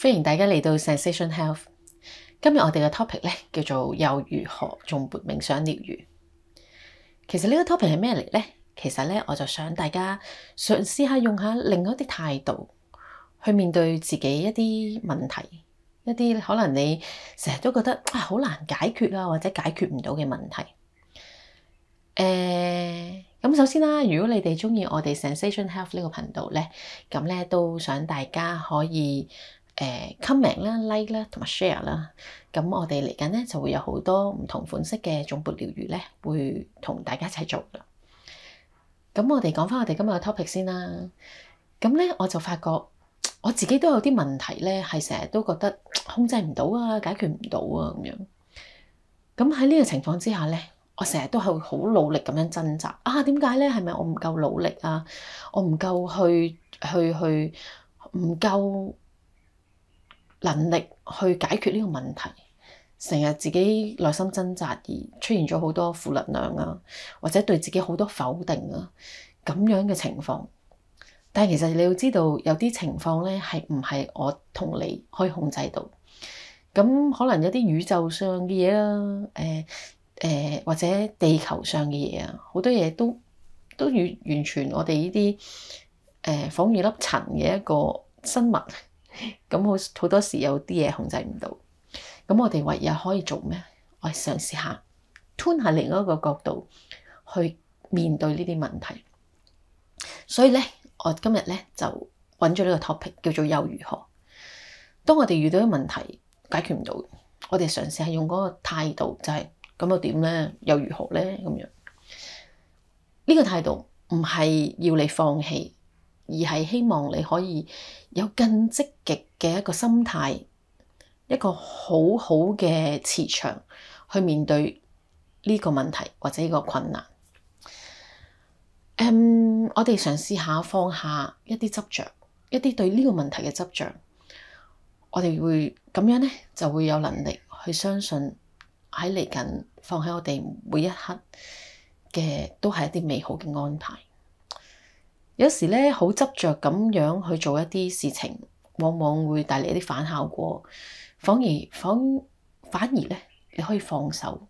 歡迎大家嚟到 Sensation Health 今。今日我哋嘅 topic 咧叫做又如何頌缽冥想療癒。其實呢個 topic 係咩嚟呢？其實咧我就想大家嘗試下用下另外一啲態度去面對自己一啲問題，一啲可能你成日都覺得啊好難解決啊，或者解決唔到嘅問題。誒、呃，咁首先啦，如果你哋中意我哋 Sensation Health 呢個頻道咧，咁咧都想大家可以。誒、uh, comment 啦、like、like 啦，同埋 share 啦。咁我哋嚟緊咧就會有好多唔同款式嘅頌缽療癒咧，會同大家一齊做。咁我哋講返我哋今日嘅 topic 先啦。咁咧我就發覺我自己都有啲問題咧，係成日都覺得控制唔到啊，解決唔到啊咁樣。咁喺呢個情況之下咧，我成日都係會好努力咁樣掙扎。啊，點解咧？係咪我唔夠努力啊？我唔夠去去去，唔夠能力去解決呢個問題，成日自己內心掙扎而出現咗好多負能量啊，或者對自己好多否定啊，咁樣嘅情況。但係其實你要知道，有啲情況咧係唔係我同你可以控制到？咁可能有啲宇宙上嘅嘢啦，誒、呃、誒、呃、或者地球上嘅嘢啊，好多嘢都都完完全我哋呢啲誒仿如粒塵嘅一個生物。咁好好多時有啲嘢控制唔到，咁我哋唯有可以做咩？我嘗試下吞下另一個角度去面對呢啲問題。所以咧，我今日咧就揾咗呢個 topic 叫做又如何？當我哋遇到啲問題解決唔到，我哋嘗試係用嗰個態度，就係咁又點咧？又如何咧？咁樣呢個態度唔係要你放棄。而係希望你可以有更積極嘅一個心態，一個好好嘅磁場去面對呢個問題或者呢個困難。Um, 我哋嘗試下放下一啲執着，一啲對呢個問題嘅執着。我哋會咁樣咧，就會有能力去相信喺嚟緊放喺我哋每一刻嘅都係一啲美好嘅安排。有時咧好執着咁樣去做一啲事情，往往會帶嚟一啲反效果，反而反反而咧你可以放手，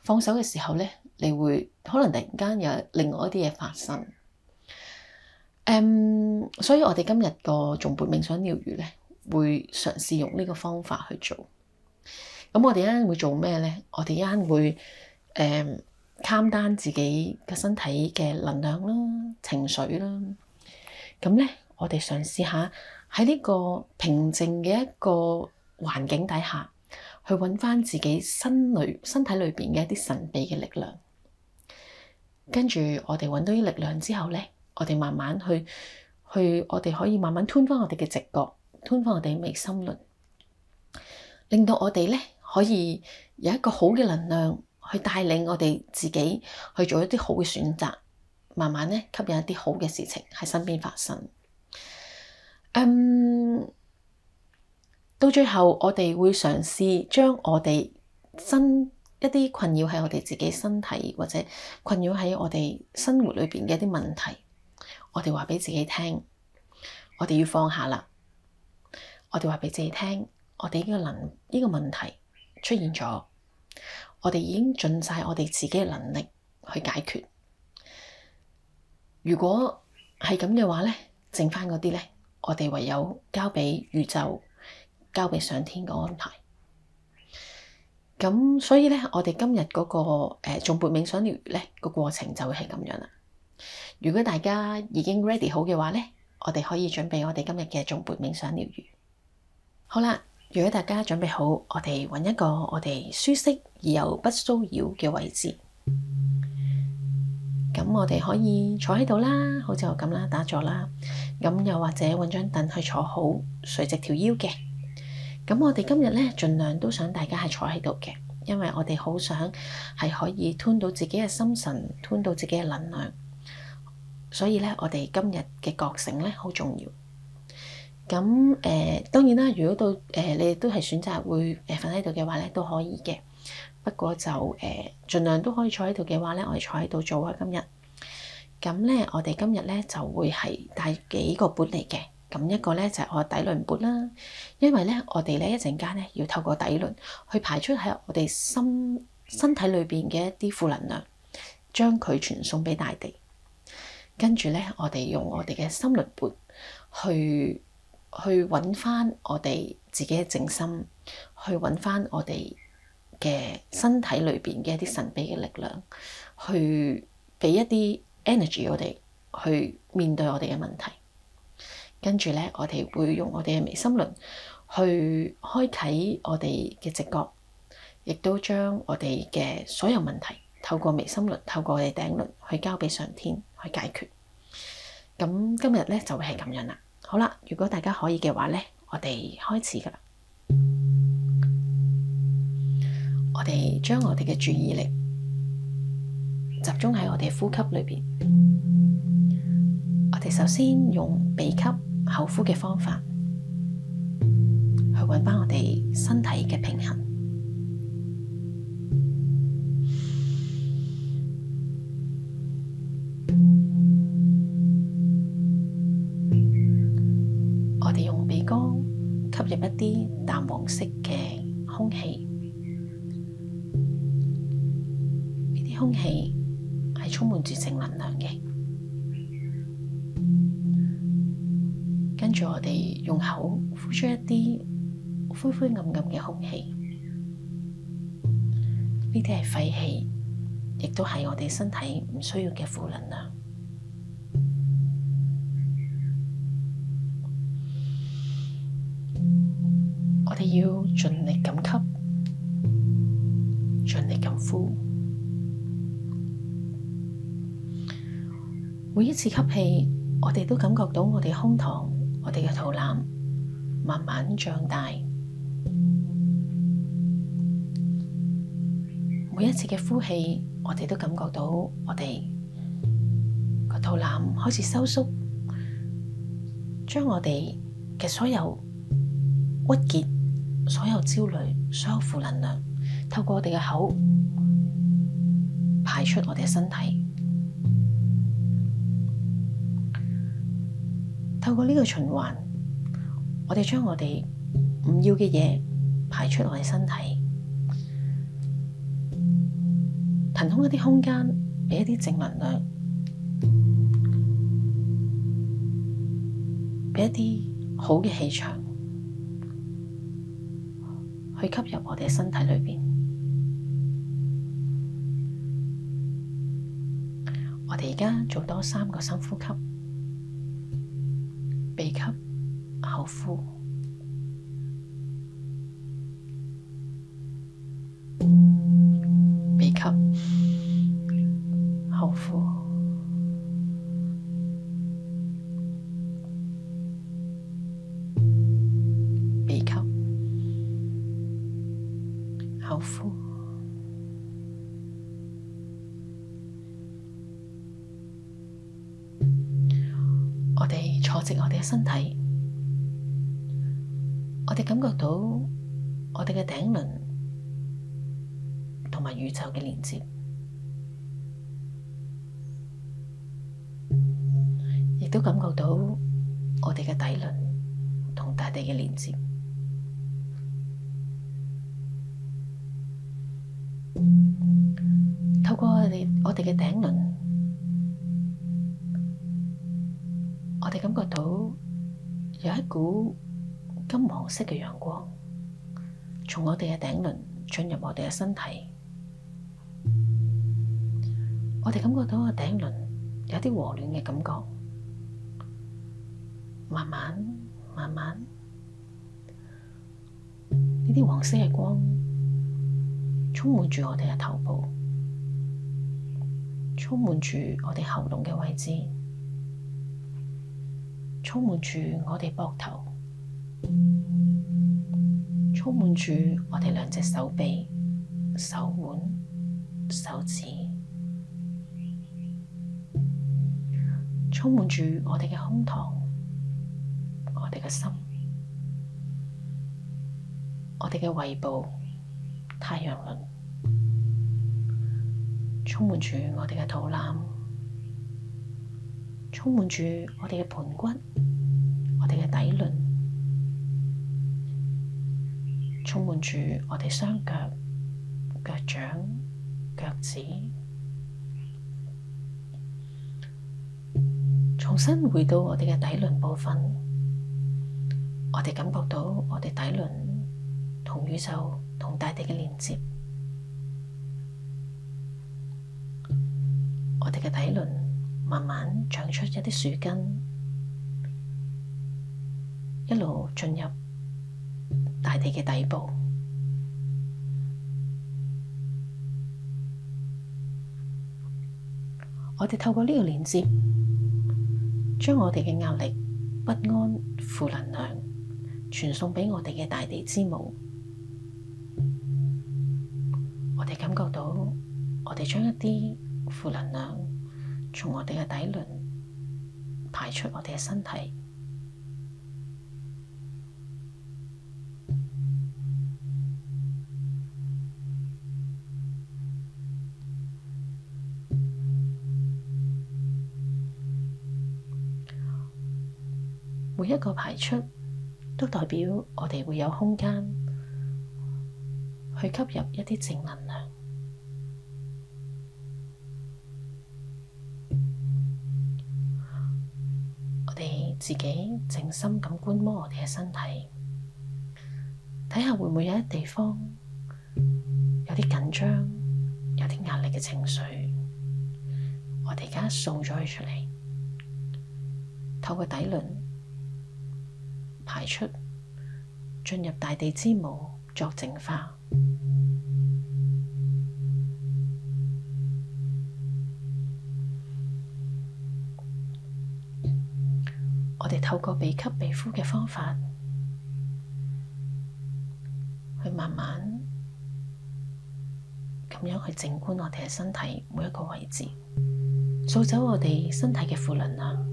放手嘅時候咧你會可能突然間有另外一啲嘢發生。嗯，um，所以我哋今日個頌缽冥想療愈咧，會嘗試用呢個方法去做。咁我哋一陣會做咩咧？我哋一陣會誒。Um, 攤單自己嘅身體嘅能量啦、情緒啦，咁咧我哋嘗試下喺呢個平靜嘅一個環境底下，去揾翻自己身裏身體裏邊嘅一啲神秘嘅力量。跟住我哋揾到啲力量之後咧，我哋慢慢去去，我哋可以慢慢吞翻我哋嘅直覺，吞翻我哋嘅眉心輪，令到我哋咧可以有一個好嘅能量。去帶領我哋自己去做一啲好嘅選擇，慢慢咧吸引一啲好嘅事情喺身邊發生。嗯，um，到最後我哋會嘗試將我哋身一啲困擾喺我哋自己身體或者困擾喺我哋生活裏邊嘅一啲問題，我哋話俾自己聽，我哋要放下啦。我哋話俾自己聽，我哋呢個能呢、呢個問題出現咗。我哋已經盡晒我哋自己嘅能力去解決。如果係咁嘅話咧，剩翻嗰啲咧，我哋唯有交俾宇宙，交俾上天嘅安排。咁所以咧，我哋今日嗰、那個誒頌缽冥想療癒咧個過程就會係咁樣啦。如果大家已經 ready 好嘅話咧，我哋可以準備我哋今日嘅頌缽冥想療癒。好啦。如果大家準備好，我哋揾一個我哋舒適而又不騷擾嘅位置，咁我哋可以坐喺度啦，好似我咁啦，打坐啦，咁又或者揾張凳去坐好，垂直條腰嘅。咁我哋今日咧，盡量都想大家係坐喺度嘅，因為我哋好想係可以吞到自己嘅心神，吞到自己嘅能量。所以咧，我哋今日嘅覺醒咧，好重要。咁誒、呃，當然啦，如果到誒、呃、你哋都係選擇會誒瞓喺度嘅話咧，都可以嘅。不過就誒，儘、呃、量都可以坐喺度嘅話咧，我哋坐喺度做啊今日。咁咧，我哋今日咧就會係帶幾個缽嚟嘅。咁一個咧就係、是、我嘅底輪缽啦，因為咧我哋咧一陣間咧要透過底輪去排出喺我哋心身體裏邊嘅一啲負能量，將佢傳送俾大地。跟住咧，我哋用我哋嘅心輪缽去。去揾翻我哋自己嘅正心，去揾翻我哋嘅身體裏邊嘅一啲神秘嘅力量，去俾一啲 energy 我哋去面對我哋嘅問題。跟住咧，我哋會用我哋嘅微心輪去開啟我哋嘅直覺，亦都將我哋嘅所有問題透過微心輪、透過我哋頂輪去交俾上天去解決。咁今日咧就會係咁樣啦。好啦，如果大家可以嘅話咧，我哋開始㗎啦。我哋將我哋嘅注意力集中喺我哋呼吸裏邊。我哋首先用鼻吸、口呼嘅方法去揾翻我哋身體嘅平衡。氣呢啲係廢氣，亦都係我哋身體唔需要嘅負能量。我哋要盡力咁吸，盡力咁呼。每一次吸氣，我哋都感覺到我哋胸膛、我哋嘅肚腩慢慢脹大。每一次嘅呼氣，我哋都感覺到我哋個肚腩開始收縮，將我哋嘅所有鬱結、所有焦慮、所有負能量，透過我哋嘅口排出我哋嘅身體。透過呢個循環，我哋將我哋唔要嘅嘢排出我哋身體。騰空一啲空間，俾一啲正能量，俾一啲好嘅氣場去吸入我哋身體裏面。我哋而家做多三個深呼吸，鼻吸，口呼。鼻吸，口呼，我哋坐直我哋嘅身體，我哋感覺到我哋嘅頂輪同埋宇宙嘅連接。到我哋嘅底輪同大地嘅連接，透過我哋我哋嘅頂輪，我哋感覺到有一股金黃色嘅陽光從我哋嘅頂輪進入我哋嘅身體，我哋感覺到個頂輪有一啲和暖嘅感覺。慢慢慢慢，呢啲黃色嘅光充滿住我哋嘅頭部，充滿住我哋喉嚨嘅位置，充滿住我哋膊頭，充滿住我哋兩隻手臂、手腕、手指，充滿住我哋嘅胸膛。我哋嘅心，我哋嘅胃部、太陽輪，充滿住我哋嘅肚腩，充滿住我哋嘅盤骨，我哋嘅底輪，充滿住我哋雙腳、腳掌、腳趾，重新回到我哋嘅底輪部分。我哋感覺到我哋底輪同宇宙、同大地嘅連接，我哋嘅底輪慢慢長出一啲樹根，一路進入大地嘅底部。我哋透過呢個連接，將我哋嘅壓力、不安、負能量，傳送畀我哋嘅大地之母，我哋感覺到，我哋將一啲負能量從我哋嘅底輪排出我哋嘅身體，每一個排出。都代表我哋會有空間去吸入一啲正能量。我哋自己靜心咁觀摩我哋嘅身體，睇下會唔會有一啲地方有啲緊張、有啲壓力嘅情緒，我哋而家掃咗佢出嚟，透過底輪。排出，進入大地之母作淨化。我哋透過鼻吸鼻呼嘅方法，去慢慢咁樣去靜觀我哋嘅身體每一個位置，掃走我哋身體嘅負能量。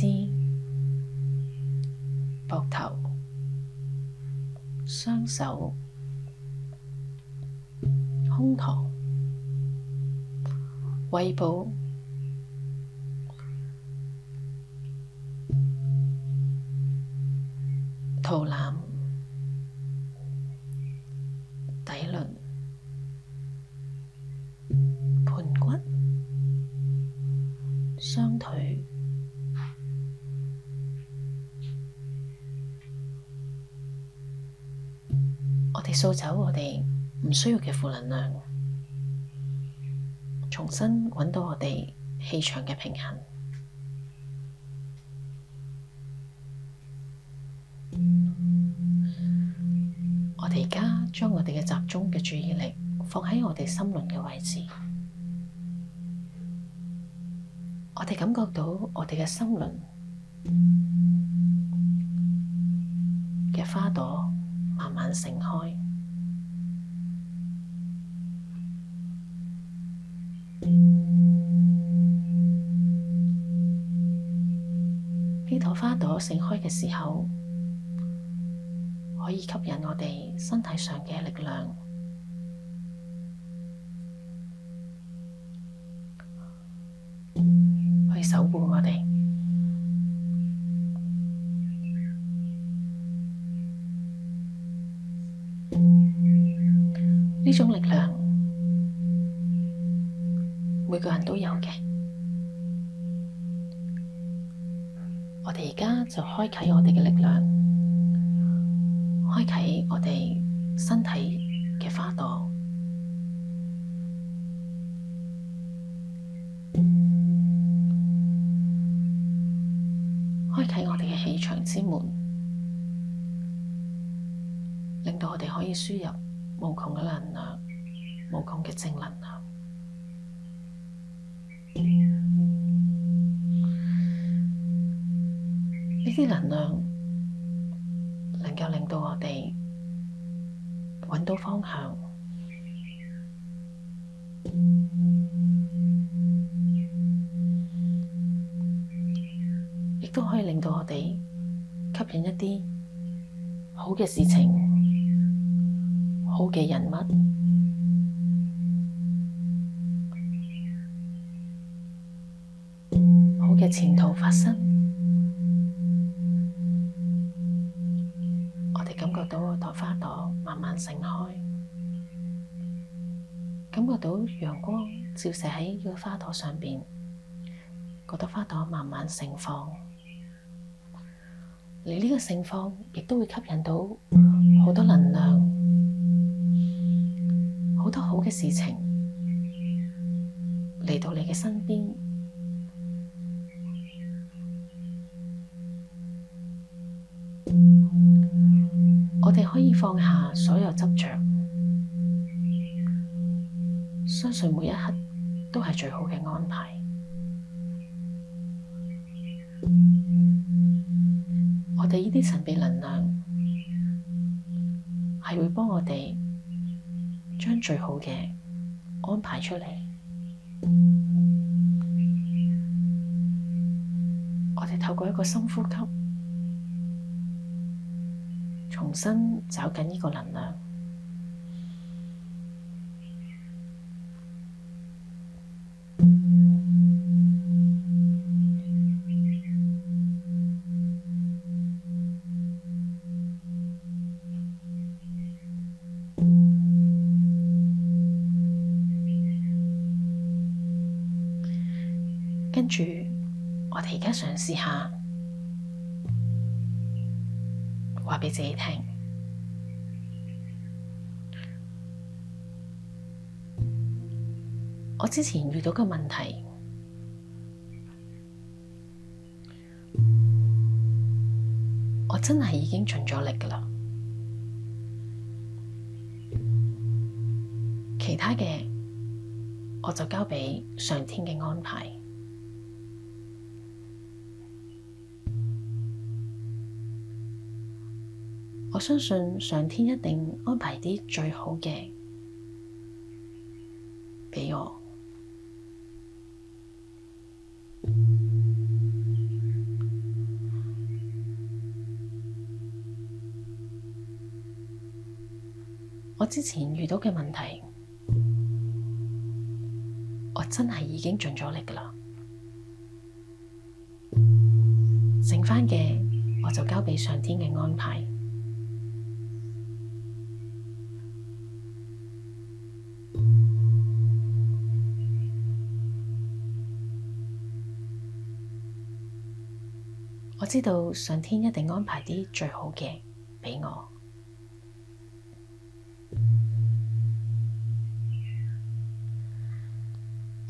肩、膊頭、雙手、胸膛、胃部、肚腩。唔需要嘅負能量，重新揾到我哋氣場嘅平衡。我哋而家將我哋嘅集中嘅注意力放喺我哋心輪嘅位置。我哋感覺到我哋嘅心輪嘅花朵慢慢盛開。呢朵花朵盛開嘅時候，可以吸引我哋身體上嘅力量，去守護我哋呢種力量。每個人都有嘅。我哋而家就開啟我哋嘅力量，開啟我哋身體嘅花朵，開啟我哋嘅氣場之門，令到我哋可以輸入無窮嘅能量，無窮嘅正能量。呢啲能量能夠令到我哋揾到方向，亦都可以令到我哋吸引一啲好嘅事情、好嘅人物。前途發生，我哋感覺到嗰朵花朵慢慢盛開，感覺到陽光照射喺呢個花朵上面，嗰朵花朵慢慢盛放。你呢個盛放亦都會吸引到好多能量，好多好嘅事情嚟到你嘅身邊。可以放下所有執着，相信每一刻都係最好嘅安排。我哋呢啲神秘能量係會幫我哋將最好嘅安排出嚟。我哋透過一個深呼吸。重新找緊呢個能量，跟住我哋而家嘗試下。話畀自己聽，我之前遇到嘅問題，我真係已經盡咗力㗎喇，其他嘅我就交畀上天嘅安排。我相信上天一定安排啲最好嘅畀我。我之前遇到嘅問題，我真係已經盡咗力噶啦，剩翻嘅我就交畀上天嘅安排。我知道上天一定安排啲最好嘅畀我。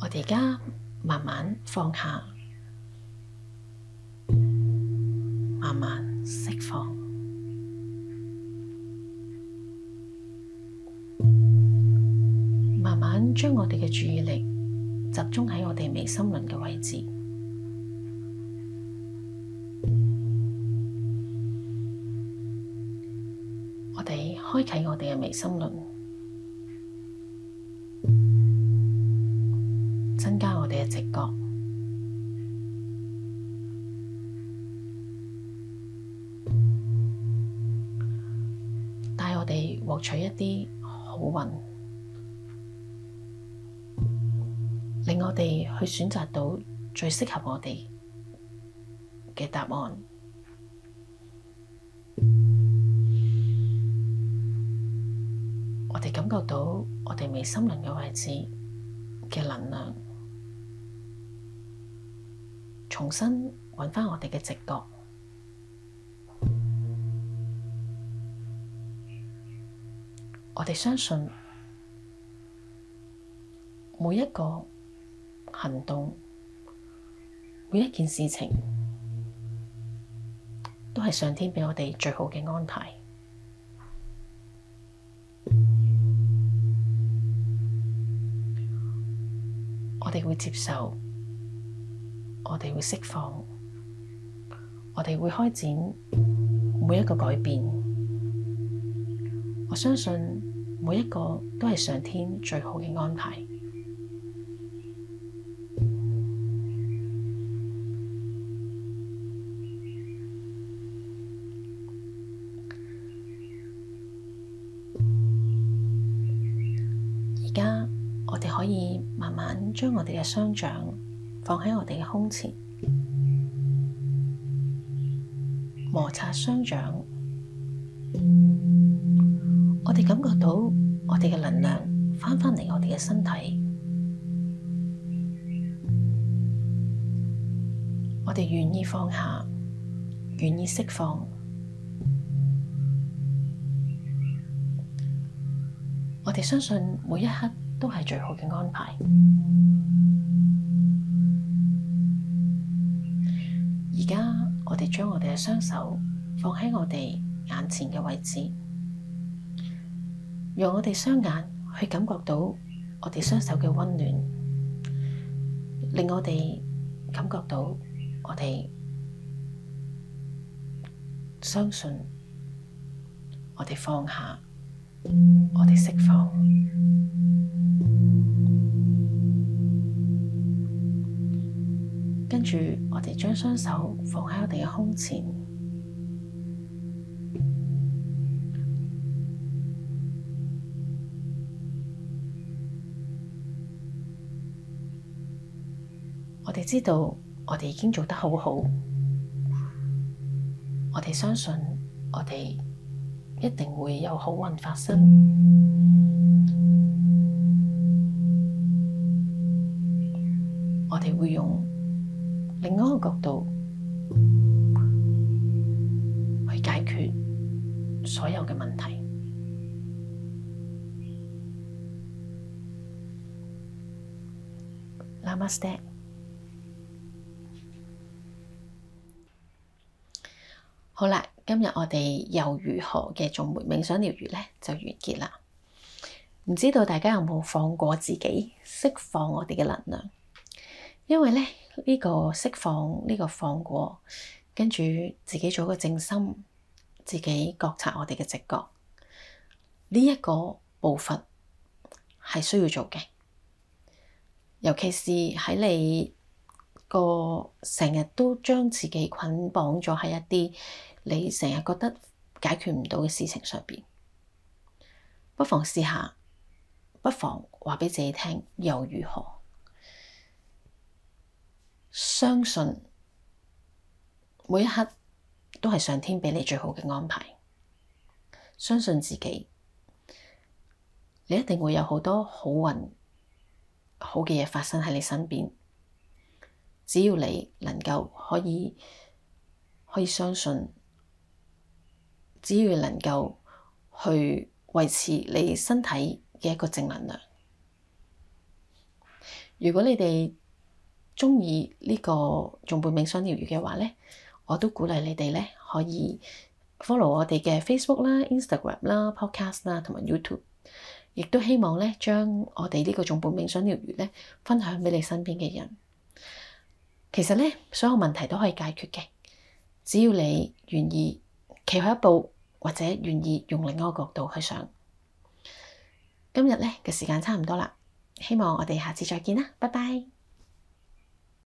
我哋而家慢慢放下，慢慢釋放，慢慢將我哋嘅注意力集中喺我哋眉心輪嘅位置。我哋開啟我哋嘅眉心輪，增加我哋嘅直覺，帶我哋獲取一啲好運，令我哋去選擇到最適合我哋嘅答案。感覺到我哋眉心輪嘅位置嘅能量，重新搵返我哋嘅直覺。我哋相信每一個行動，每一件事情，都係上天畀我哋最好嘅安排。接受，我哋會釋放，我哋會開展每一個改變。我相信每一個都係上天最好嘅安排。可以慢慢將我哋嘅雙掌放喺我哋嘅胸前，摩擦雙掌。我哋感覺到我哋嘅能量翻返嚟我哋嘅身體，我哋願意放下，願意釋放。我哋相信每一刻。都係最好嘅安排。而家我哋將我哋嘅雙手放喺我哋眼前嘅位置，用我哋雙眼去感覺到我哋雙手嘅溫暖，令我哋感覺到我哋相信我哋放下，我哋釋放。我哋將雙手放喺我哋嘅胸前，我哋知道我哋已經做得好好，我哋相信我哋一定會有好運發生，我哋會用。另一個角度去解決所有嘅問題。Namaste，好啦，今日我哋又如何嘅做冥想療癒呢就完結啦。唔知道大家有冇放過自己，釋放我哋嘅能量，因為呢。呢個釋放呢個放過，跟住自己做一個靜心，自己覺察我哋嘅直覺，呢一個步伐係需要做嘅，尤其是喺你個成日都將自己捆綁咗喺一啲你成日覺得解決唔到嘅事情上邊，不妨試下，不妨話畀自己聽，又如何？相信每一刻都係上天俾你最好嘅安排。相信自己，你一定會有好多好運、好嘅嘢發生喺你身邊。只要你能夠可以可以相信，只要能夠去維持你身體嘅一個正能量。如果你哋，鍾意呢個頌缽冥想療癒嘅話咧，我都鼓勵你哋咧可以 follow 我哋嘅 Facebook 啦、Instagram 啦、Podcast 啦同埋 YouTube，亦都希望咧將我哋呢個頌缽冥想療癒咧分享俾你身邊嘅人。其實咧，所有問題都可以解決嘅，只要你願意企開一步，或者願意用另一個角度去想。今日咧嘅時間差唔多啦，希望我哋下次再見啦，拜拜。